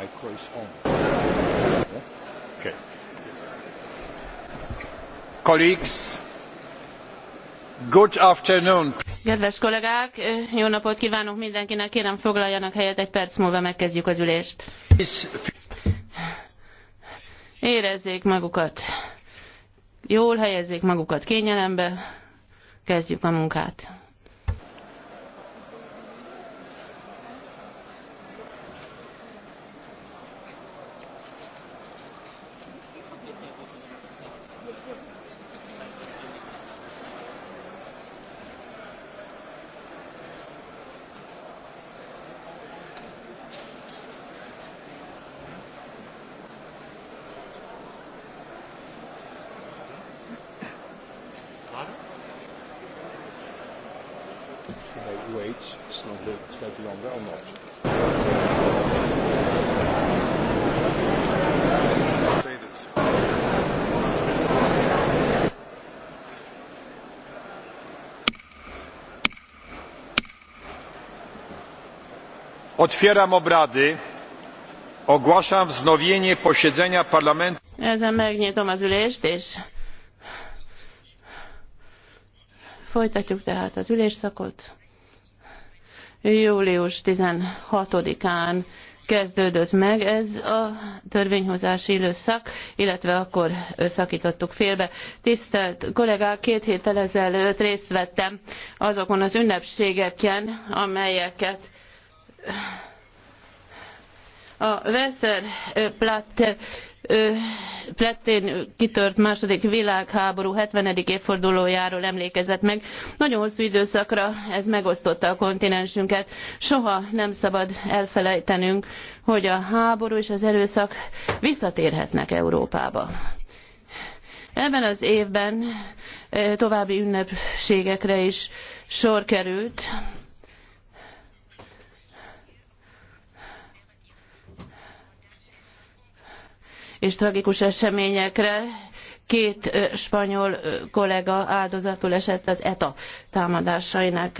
micro on. Okay. Colleagues, good afternoon. Kedves kollégák, jó napot kívánok mindenkinek, kérem foglaljanak helyet, egy perc múlva megkezdjük az ülést. Érezzék magukat, jól helyezzék magukat kényelembe, kezdjük a munkát. should I wait slightly, slightly Otwieram obrady. Ogłaszam wznowienie posiedzenia parlamentu. Ezen megnyitom az ülést, és Folytatjuk tehát az ülésszakot. Július 16-án kezdődött meg ez a törvényhozási időszak, illetve akkor szakítottuk félbe. Tisztelt kollégák, két héttel ezelőtt részt vettem azokon az ünnepségeken, amelyeket a platte Plettén kitört második világháború 70. évfordulójáról emlékezett meg. Nagyon hosszú időszakra ez megosztotta a kontinensünket. Soha nem szabad elfelejtenünk, hogy a háború és az erőszak visszatérhetnek Európába. Ebben az évben további ünnepségekre is sor került. és tragikus eseményekre. Két spanyol kollega áldozatul esett az ETA támadásainak.